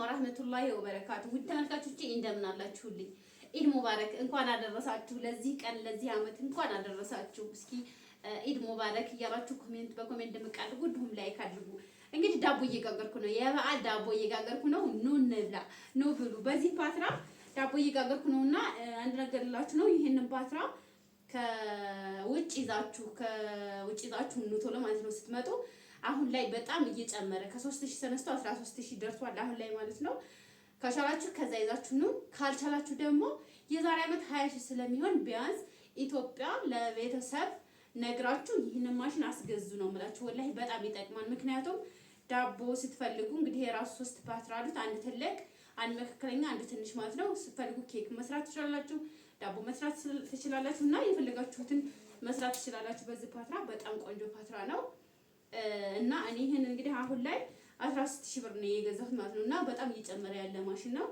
አለይኩም ወራህመቱላሂ ወበረካቱ። ውድ ተመልካቾቼ እንደምን አላችሁልኝ? ኢድ ሙባረክ። እንኳን አደረሳችሁ ለዚህ ቀን ለዚህ አመት እንኳን አደረሳችሁ። እስኪ ኢድ ሙባረክ እያላችሁ ኮሜንት በኮሜንት እንደምቃልጉ እንዲሁም ላይክ አድርጉ። እንግዲህ ዳቦ እየጋገርኩ ነው፣ የበዓል ዳቦ እየጋገርኩ ነው። ኑ እንብላ፣ ኑ ብሉ። በዚህ ፓትራ ዳቦ እየጋገርኩ ነው እና አንድ ነገር ልላችሁ ነው። ይህንን ፓትራ ከውጭ ይዛችሁ ከውጭ ይዛችሁ ኑ ቶሎ ማለት ነው ስትመጡ አሁን ላይ በጣም እየጨመረ ከ3000 ተነስቶ አስራ ደርሷል አሁን ላይ ማለት ነው። ከቻላችሁ ከዛ ይዛችሁ ነው፣ ካልቻላችሁ ደግሞ የዛሬ ዓመት ሀያ ስለሚሆን ቢያንስ ኢትዮጵያ ለቤተሰብ ነግራችሁ ይህንን ማሽን አስገዙ ነው የምላችሁ። ወላሂ በጣም ይጠቅማል። ምክንያቱም ዳቦ ስትፈልጉ እንግዲህ የራሱ ሶስት ፓትራ አሉት፣ አንድ ትልቅ፣ አንድ መካከለኛ፣ አንድ ትንሽ ማለት ነው። ስትፈልጉ ኬክ መስራት ትችላላችሁ፣ ዳቦ መስራት ትችላላችሁ እና የፈለጋችሁትን መስራት ትችላላችሁ በዚህ ፓትራ። በጣም ቆንጆ ፓትራ ነው። እና እኔ ይህን እንግዲህ አሁን ላይ 16 ሺህ ብር ነው የገዛሁት ማለት ነው። እና በጣም እየጨመረ ያለ ማሽን ነው።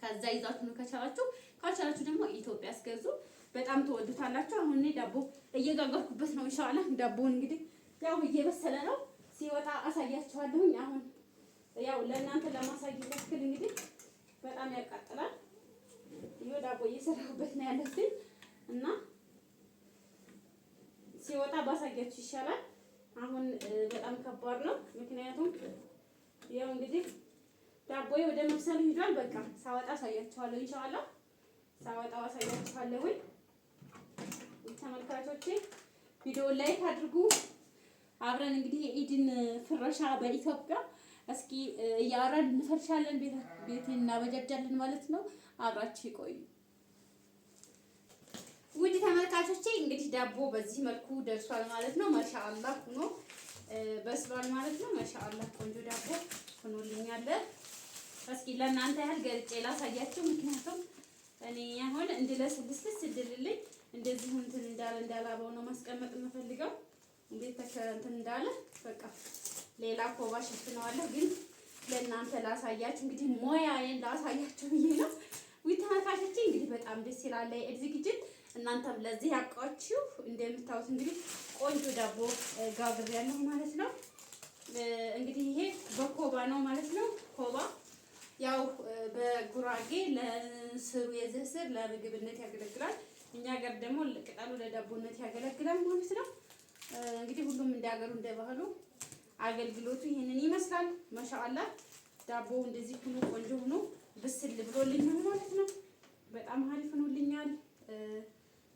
ከዛ ይዛችሁ ነው ከቻላችሁ፣ ካልቻላችሁ ደግሞ ኢትዮጵያ አስገዙ። በጣም ተወዱታላችሁ። አሁን እኔ ዳቦ እየጋገርኩበት ነው። ኢንሻአላህ ዳቦውን እንግዲህ ያው እየበሰለ ነው፣ ሲወጣ አሳያችኋለሁኝ። አሁን ያው ለእናንተ ለማሳየት ያክል እንግዲህ በጣም ያቃጥላል። ይሄ ዳቦ እየሰራሁበት ነው ያለሁት እና ሲወጣ ባሳያችሁ ይሻላል። አሁን በጣም ከባድ ነው። ምክንያቱም ያው እንግዲህ ዳቦዬ ወደ መብሰል ሂዷል። በቃ ሳወጣ አሳያችኋለሁ። ኢንሻአላ ሳወጣው አሳያችኋለሁ። ተመልካቾቼ ቪዲዮ ላይክ አድርጉ። አብረን እንግዲህ የኢድን ፍረሻ በኢትዮጵያ እስኪ እያወራን እንፈርሻለን፣ ቤቴን እናበጃጃለን ማለት ነው። አብራችሁ ይቆዩ። ተመልካቾቼ እንግዲህ ዳቦ በዚህ መልኩ ደርሷል ማለት ነው። ማሻአላ ሆኖ በስሏል ማለት ነው። ማሻአላ ቆንጆ ዳቦ ሆኖልኛል። እስኪ ለእናንተ ያህል ገልጬ ላሳያችሁ። ምክንያቱም እኔ አሁን እንድለስልስልስ እድልልኝ እንደዚህ እንትን እንዳለ እንዳላበው ነው ማስቀመጥ የምፈልገው። እንዴት ተከረንትን እንዳለ በቃ ሌላ ኮባ ሸፍነዋለሁ፣ ግን ለእናንተ ላሳያችሁ እንግዲህ ሞያዬን ላሳያችሁ ብዬ ነው። ውይ ተመልካቾቼ እንግዲህ በጣም ደስ ይላል እዚህ ዝግጅት እናንተም ለዚህ ያብቃችሁ። እንደምታዩት እንግዲህ ቆንጆ ዳቦ ያለው ማለት ነው። እንግዲህ ይሄ በኮባ ነው ማለት ነው። ኮባ ያው በጉራጌ ለስሩ የዘስር ለምግብነት ያገለግላል። እኛ ሀገር ደግሞ ቅጠሉ ለዳቦነት ያገለግላል ማለት ነው። እንግዲህ ሁሉም እንዳገሩ እንደባህሉ አገልግሎቱ ይህንን ይመስላል። ማሻአላ ዳቦ እንደዚህ ሆኖ ቆንጆ ሆኖ ብስል ብሎልኛል ማለት ነው። በጣም ሀሪፍ ሆኖልኛል።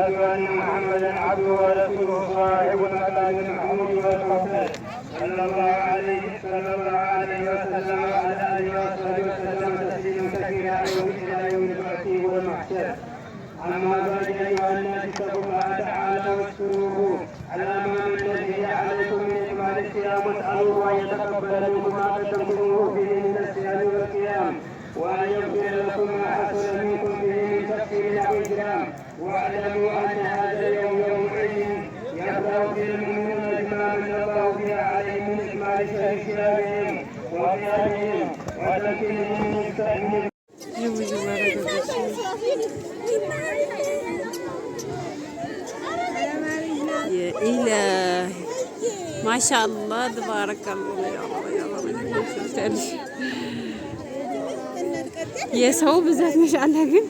أشهد أن محمدا عبده ورسوله صاحب المكان المحمود والقصير صلى الله عليه صلى الله عليه وسلم وعلى آله وصحبه وسلم تسليما كثيرا إلى يوم الدين والمحشر أما بعد أيها الناس اتقوا الله تعالى واشكروه على ما من الذي عليكم من إكمال الصيام الله أن يتقبل منكم ما قدمتموه به من الصيام والقيام وأن يغفر لكم ما حصل منكم به من تقصير أو إجرام واعلموا ان هذا يوم عيد يبدا في المؤمنون بما من الله بها عليهم من اكمال شهر شبابهم وثيابهم وتكلمهم يا إلهي ما شاء الله تبارك الله يا الله يا الله يا تنسى يا سو بزاف ما شاء الله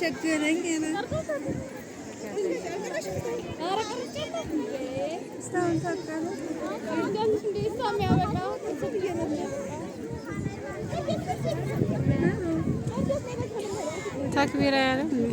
Teşekkürler. İstanbul Takka'da. Tamam şey canım şimdi İstanbul'a bakalım. Çok iyi Takvir edelim mi?